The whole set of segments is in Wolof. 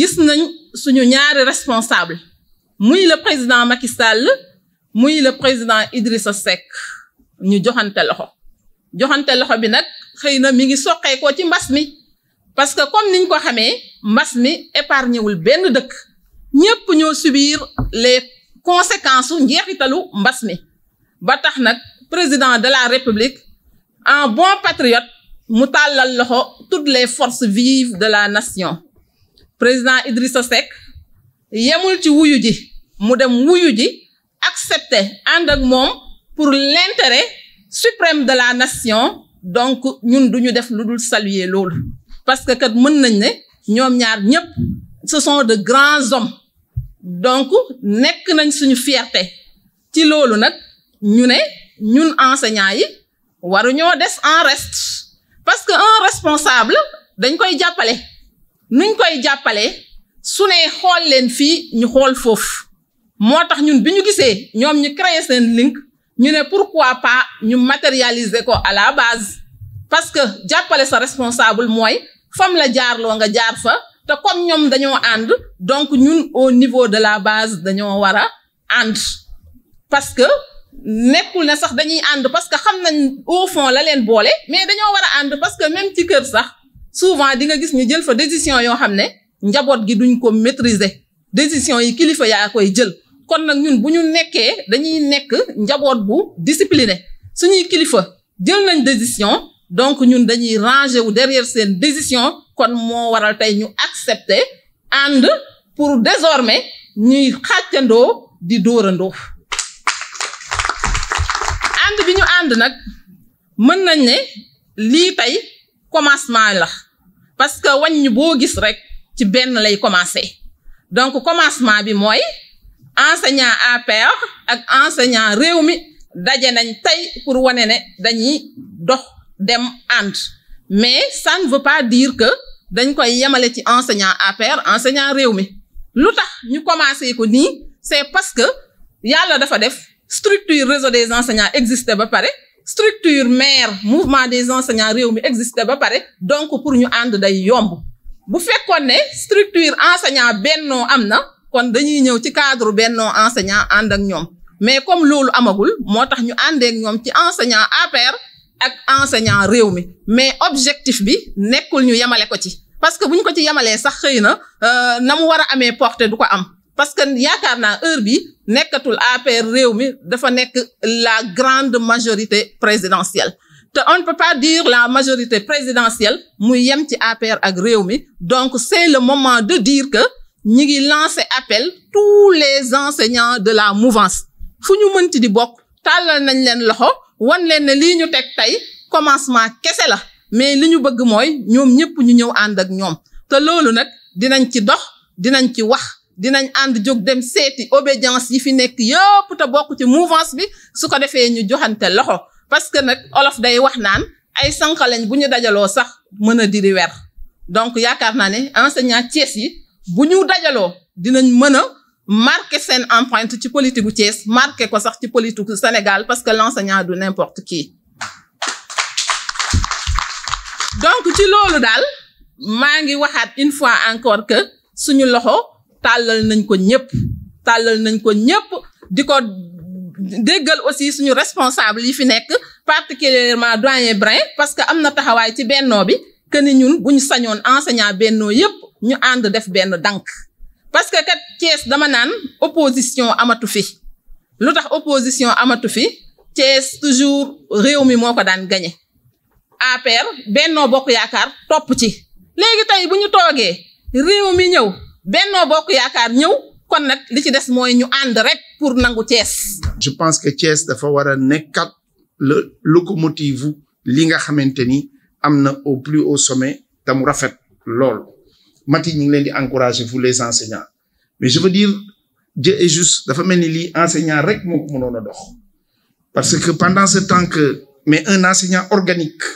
gis nañ suñu ñaari responsable muy le président Macky Sall muy le président Idrissa sec ñu joxante loxo joxante loxo bi nag xëy na mi ngi soqeekoo ci mbas mi parce que comme niñ ko xamee mbas mi épargné wul benn dëkk ñépp ñoo subir les conséquences u njeexitalu mbas mi ba tax nag président de la république en bon patriote mu tàllal loxo toutes les forces vives de la nation président Idrissa Seck yemul ci wuyu ji mu dem wuyu ji accepter ànd ak moom pour l'intérêt suprême de la nation donc ñun du ñu def lu dul saluer loolu parce que kat mën nañ ne ñoom ñaar ñëpp ce sont de grands hommes donc nekk nañ suñu fierté ci loolu nag ñu ne ñun enseignants yi waruñoo des en reste parce que un responsable dañ koy jàppale nuñ koy jàppale su ne xool leen fii ñu xool foofu moo tax ñun bi ñu gisee ñoom ñu créer seen link ñu ne pourquoi pas ñu matérialiser ko à la base parce que jàppale sa responsable mooy fam la jaarloo nga jaar fa te comme ñoom dañoo ànd donc ñun au niveau de la base dañoo war a ànd parce que nekkul ne sax dañuy ànd parce que xam nañ au fond la leen boole mais dañoo war a ànd parce que même ci kër sax souvent di nga gis ñu jël fa décision yoo xam ne njaboot gi duñ ko maîtriser décision yi kilifa yaa koy jël kon nag ñun bu ñu nekkee dañuy nekk njaboot bu discipliné suñuy kilifa jël nañ décision donc ñun dañuy ranger wu derrière seen décision kon moo waral tey ñu accepter ànd pour désormais ñuy xàccandoo di doorandoo ànd bi ñu ànd nag mën nañ ne lii tey commencement la parce que wañ ñi boo gis rek ci benn lay commencer donc commencement bi mooy enseignant APR ak enseignant réew mi daje nañ tey pour wane ne dañuy dox dem ànd mais ça ne veut pas dire que dañ koy yemale ci enseignant APR enseignant réew mi lu tax ñu commencé ko ni c'est parce que yàlla dafa def structure réseau des enseignants existé ba pare structure maire mouvement des enseignants réew mi existé ba pare donc pour ñu ànd day yomb bu fekkoon ne structure enseignant bennoo am na kon dañuy ñëw ci cadre benno enseignant ànd ak ñoom mais comme loolu amagul moo tax ñu àndeek ñoom ci enseignant APR ak enseignant réew mi mais objectif bi nekkul ñu yemale ko ci parce que bu ko ci yemalee sax xëy na euh, na mu war a amee portée du ko am parce que yaakaar naa heure bi nekkatul APR réew mi dafa nekk la grande majorité présidentielle te on ne pas dire la majorité présidentielle mu yem ci APR ak réew mi donc c'est le moment de dire que ñi ngi lancer appel tous les enseignants de la mouvence fu ñu mënti di bokk tàllal nañ leen loxo wan leen ne lii ñu teg tey commencement kese la mais li ñu bëgg mooy ñoom ñëpp ñu ñëw ànd ak ñoom te loolu nag dinañ ci dox dinañ ci wax dinañ ànd jóg dem seeti obédience yi fi nekk yëpp te bokk ci mouvance bi su ko defee ñu joxante loxo parce que nag olof day wax naan ay sànq lañ bu ñu dajaloo sax mën a diri weer donc yaakaar naa ne enseignant Thiès yi bu ñu dajaloo dinañ mën a marqué seen empreinte ci politique gu Thiès marqué ko sax ci politique gu Sénégal parce que l' enseignant du n'importe qui donc ci loolu daal maa ngi waxaat une fois encore que suñu loxo. tàllal nañ ko ñëpp tàllal nañ ko ñëpp di ko déggal aussi suñu responsable yi fi nekk particulièrement doyen Brin parce que am na taxawaay ci bennoo bi que ni ñun bu ñu sañoon enseignant bennoo yëpp ñu ànd def benn dànk parce que kat Thiès dama naan opposition amatu fi lu tax opposition amatu fi Thiès toujours réew mi moo ko daan gañe APR benno bokk yaakaar topp ci léegi tey bu ñu toogee réew mi ñëw Benno Bokk Yaakaar ñëw kon nag li ci des mooy ñu ànd rek pour nangu Thiès. je pense que Thiès dafa war a nekkat le locomotive li nga xamante ni am na au plus haut sommet te mu rafet lool mati ñu ngi leen di encourager vous les enseignants mais je veux dire Dieu est juste dafa mel ni lii enseignant rek moo ko mënoon a dox parce que pendant ce temps que mais un enseignant organique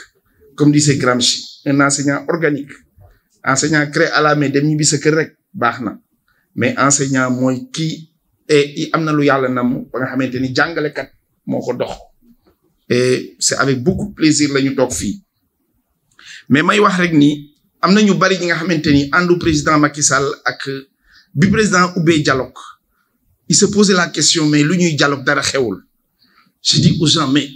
comme di Gramsci un enseignant organique enseignant créé à la main dem ñibbi sa kër rek baax na mais enseignant mooy kii et am na lu yàlla nam ba nga xamante ni jàngalekat moo ko dox et c'est avec beaucoup plaisir la ñu toog fii mais may wax rek ni am na ñu bari ñi nga xamante ni àndu président Macky Sall ak bi président ubbee dialogue il se posait la question mais lu ñuy dialogue dara xewul je dis aux gens mais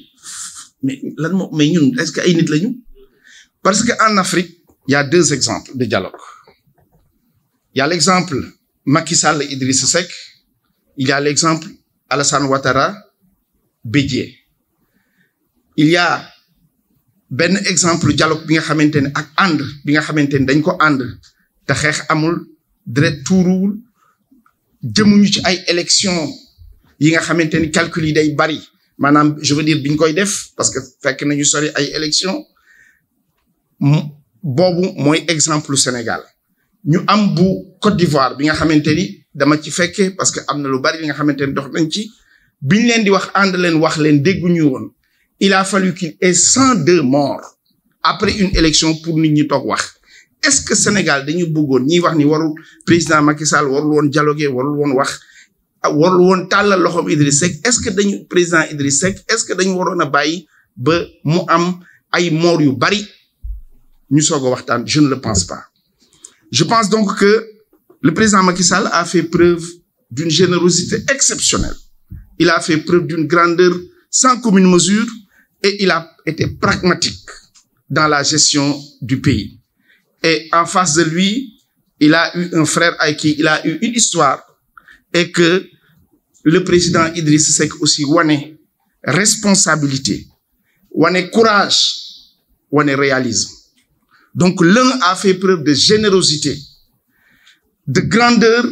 mais lan moo mais ñun est-ce que ay nit la lañu parce que en Afrique ya y a deux exemples de dialogue Il y a l'exemple Macky Sall et Idriss Seck. Il y a l'exemple Alassane Ouattara, Bédié. Il y benn exemple dialogue bi nga xamante ne ak ànd bi nga xamante ne dañ ko ànd te xeex amul deret tuuruwul jëmuñu ci ay élection yi nga xamante ni calcul yi day bari maanaam je veux dire biñ koy def parce que fekk nañu sori ay élection boobu mooy exemple Sénégal ñu am bu Côte d'Ivoire bi nga xamante ni dama ci fekkee parce que am na lu bari li nga xamante ni dox nañ ci biñ leen di wax ànd leen wax leen dégguñu woon il a fallu qu'il ait cent deux morts après une élection pour ni ñi toog wax est-ce que Sénégal dañu bëggoon ñiy wax ni warul président Macky Sall warul woon dialoguer warul woon wax warul woon tàllal loxoom Idriss Seck est-ce que dañu président Idriss sec est-ce que dañu waroon a bàyyi ba mu am ay morts yu bari ñu soog a waxtaan je ne le pense pas Je pense donc que le président Macky Sall a fait preuve d'une générosité exceptionnelle. Il a fait preuve d'une grandeur sans commune mesure et il a été pragmatique dans la gestion du pays. Et en face de lui, il a eu un frère avec qui il a eu une histoire et que le président Idriss Seck aussi wane responsabilité, wane courage, wane réalisme. Donc l'un a fait preuve de générosité, de grandeur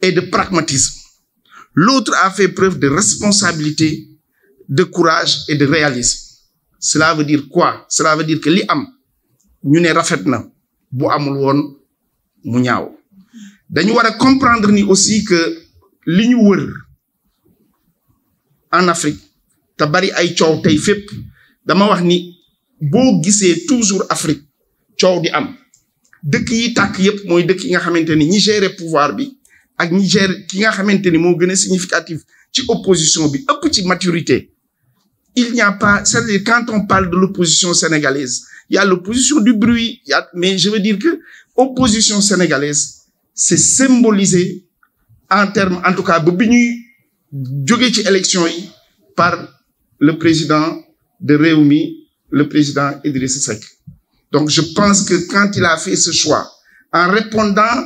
et de pragmatisme. L'autre a fait preuve de responsabilité, de courage et de réalisme. Cela veut dire quoi? Cela veut dire que li am ñu ne rafet na bu amul woon mu ñaaw dañu war a comprendre ni aussi que li ñu wër en Afrique te bari ay coow tey fépp dama wax ni. boo gisee toujours Afrique coow di am dëkk yi tàkk yépp mooy dëkk yi nga xamante ni ñi gérer pouvoir bi ak ñi gérer ki nga xamante ni moo gën a significatif ci opposition bi ëpp ci maturité il n'y a pas c'est-à-dire quand on parle de l'opposition sénégalaise il y a l'opposition du bruit y a mais je veux dire que opposition sénégalaise c'est symbolisé en termes en tout cas ba bi ñuy jóge ci élection yi par le président de Rewmi le président Idriss Seck. Donc je pense que quand il a fait ce choix, en répondant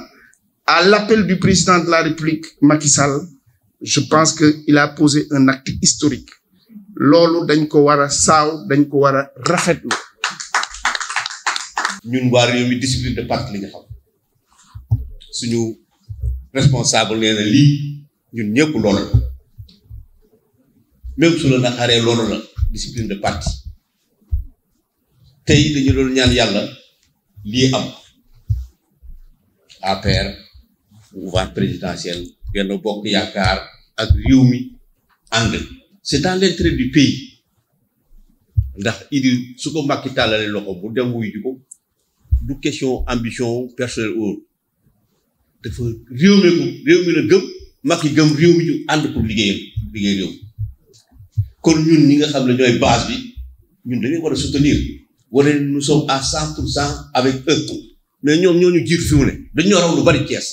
à l'appel du président de la République, Macky Sall, je pense qu'il a posé un acte historique. loolu dañ ko war a saaw dañ ko war a rafetlu. ñun waa réew mi discipline de parti la ñu xam suñu responsable nee na lii ñun ñëpp loolu la su la naqaree loolu la discipline de parti. tey dañu doon ñaan yàlla lii am APR mouvement présidentiel benn bokk yaakaar ak réew mi ànd c'est dans l'intérêt du pays ndax idi su ko ki tàllalee loxo bu dem wuy ji ko du question ambition personnelle au dafa réew mi ko réew mi la gëm Macky mi ñu ànd pour liggéeyam liggéey réew kon ñun ñi nga xam ne ñooy base bi ñun dañuy war a soutenir wala nous sommes à cent pour cent avec eux mais ñoom ñoo ñu jiit fi mu ne dañoo raw lu bari Thiès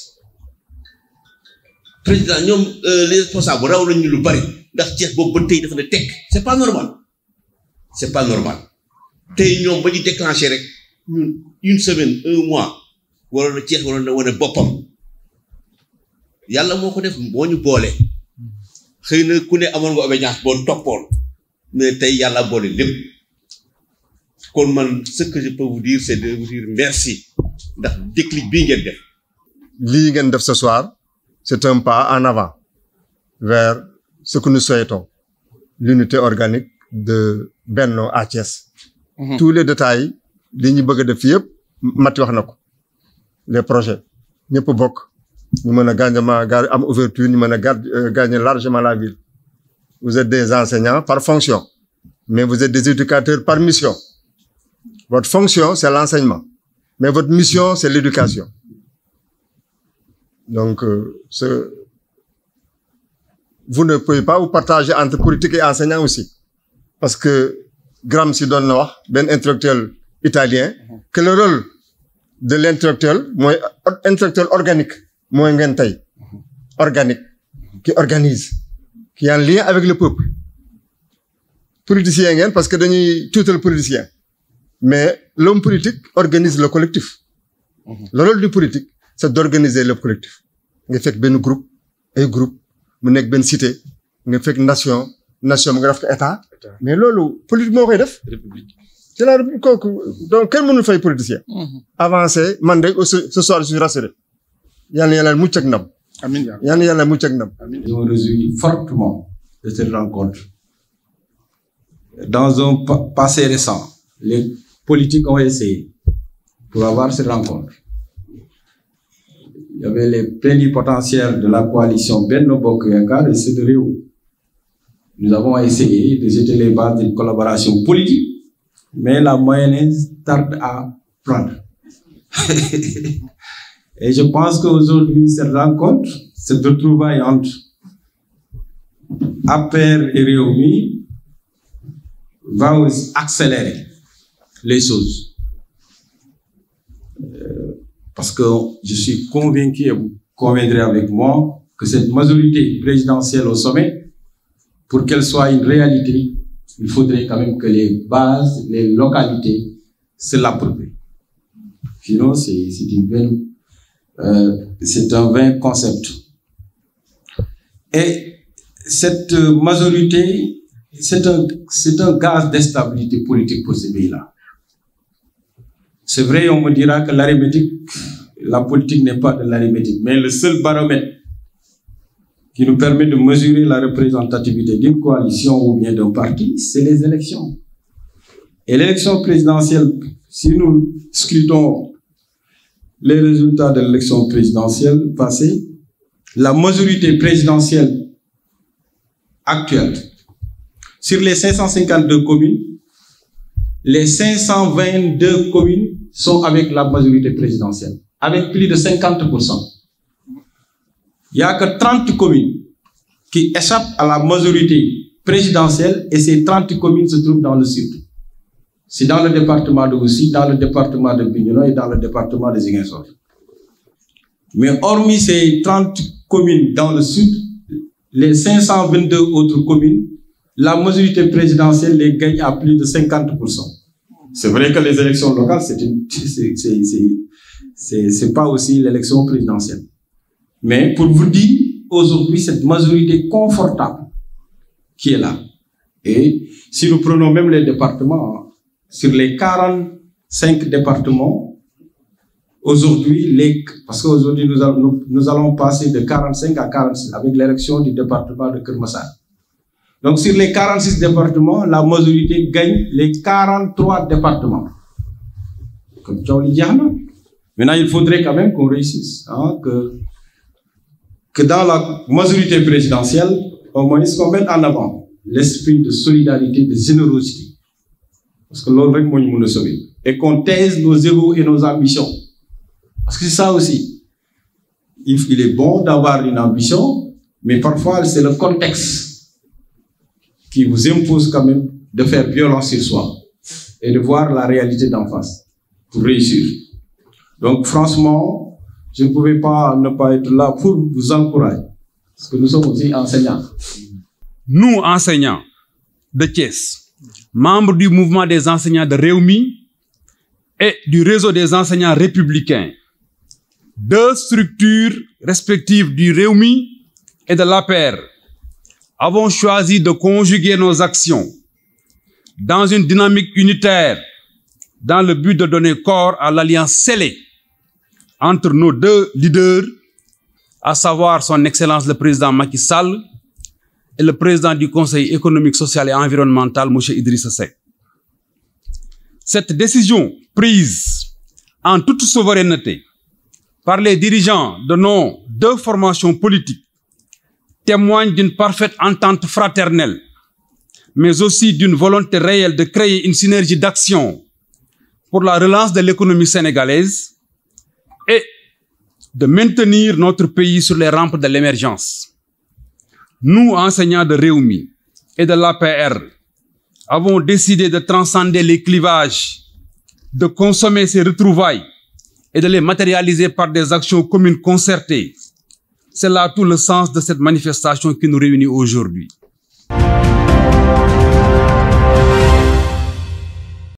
président ñoom euh, les responsables raw nañu lu bari ndax Thiès boobu ba tey dafa na tekk c'est pas normal c'est pas normal tey ñoom ba ñu déclenché rek ñun une semaine un mois waroon na Thiès waroon na wane boppam yàlla moo ko def moo ñu boole xëy na ku ne amoon nga obédience boo toppoon mais tey yàlla boole lépp. comme man ce que je peux vous dire c'est de vous dire merci ndax déclic bii ngen def. lii ngeen def ce soir c'est un pas en avant vers ce que nous souhaitons l'unité organique de Benno à mhm. tous les détails li ñu bëgg a def yëpp Mati wax na ko les projets ñëpp bokk ñu mën a gànjamaa gar am ouverture ñu mën a gar euh, gagner largement la ville vous êtes des enseignants par fonction mais vous êtes des éducateurs par mission Votre fonction, c'est l'enseignement. Mais votre mission, c'est l'éducation. Donc, euh, ce... vous ne pouvez pas vous partager entre politique et enseignant aussi. Parce que Gramsci doon na wax benn intellectuel italien que le rôle de l'intellectuel mooy intellectuel organique mooy ngeen tey organique qui organise qui est en lien avec le peuple politicien ngeen parce que dañuy tuutal politicien Mais l'homme politique organise le collectif. Mmh. Le rôle du politique, c'est d'organiser le collectif. nga fekk benn groupe ay groupe mu nekk benn cité nga fekk nation nation mu nga def ko état mais loolu politique moo koy def ci la république kooku donc kenn mënul fay politicien mhm. avancé man de ce soir je suis rassuré yal na yàlla mucc ak ndam yal na yàlla mucc ak ndam je me réjouis fortement de dans un passé récent politiques ont essayé pour avoir cette rencontre. Il y avait les plénipotentiaires de la coalition Benno Bokk Yakaar et ceux de Rewmi. Nous avons essayé de jeter les bases d'une collaboration politique, mais la mayonnaise tarde à prendre. Et je pense qu'aujourd'hui, cette rencontre, cette retrouvaille entre APR et Rewmi va aussi accélérer les choses. Euh, parce que je suis convaincu, et vous conviendrez avec moi, que cette majorité présidentielle au sommet, pour qu'elle soit une réalité, il faudrait quand même que les bases, les localités se l'approprient. Sinon, c'est euh, un vain concept. Et cette majorité, c'est un, gaz d'instabilité politique pour ces pays-là. C'est vrai, on me la politique n'est pas de mais le seul baromètre qui nous la représentativité d'une coalition ou bien d'un parti, c'est les élections. Et l'élection présidentielle, si nous scrutons les résultats de l'élection présidentielle passée, la majorité présidentielle actuelle, sur les 552 communes, les sont avec la majorité présidentielle avec plus de cinquante pour cent il y a que trente communes qui échappent à la majorité présidentielle et ces trente communes se trouvent dans le sud c'est dans le département de Oussouye dans le département de Bignona et dans le département de Ziguinchor mais hormis ces trente communes dans le sud les cinq cent vingt-deux autres communes la majorité présidentielle les gagne à plus de cinquante pour cent C'est vrai que les élections locales, c'est une, c'est pas aussi l'élection présidentielle. Mais pour vous dire, aujourd'hui, cette majorité confortable qui est là. Et si nous prenons même les départements, sur les 45 départements, aujourd'hui, les, parce qu'aujourd'hui, nous, nous, nous, allons passer de 45 à 46 avec l'élection du département de Kermassar. Donc sur les 46 départements, la majorité gagne les 43 départements. Comme Tchaouli Diana. Maintenant, il faudrait quand même qu'on réussisse, hein, que, dans la majorité présidentielle, au moins qu'on mette en avant l'esprit de solidarité, de générosité. Parce que l'autre, moi, nous sauver. Et qu'on taise nos égaux et nos ambitions. Parce que c'est ça aussi. Il, il est bon d'avoir une ambition, mais parfois, c'est le contexte qui vous impose quand même de faire violence sur soi et de voir la réalité d'en face pour réussir. Donc franchement, je ne pouvais pas ne pas être là pour vous encourager, parce que nous sommes aussi enseignants. Nous, enseignants de Thiès, membres du mouvement des enseignants de Réumi et du réseau des enseignants républicains, deux structures respectives du Réumi et de l'APR, avons choisi de conjuguer nos actions dans une dynamique unitaire dans le but de donner corps à l'alliance scellée entre nos deux leaders, à savoir son Excellence le Président Macky Sall et le Président du Conseil économique, social et environnemental, M. Idriss Seck. Cette décision prise en toute souveraineté par les dirigeants de nos deux formations politiques témoigne d'une parfaite entente fraternelle, mais aussi d'une volonté réelle de créer une synergie d'action pour la relance de l'économie sénégalaise et de maintenir notre pays sur les rampes de l'émergence. Nous, enseignants de Réumi et de la l'APR, avons décidé de transcender les clivages, de consommer ces retrouvailles et de les matérialiser par des actions communes concertées C'est là tout le sens de cette manifestation qui nous réunit aujourd'hui.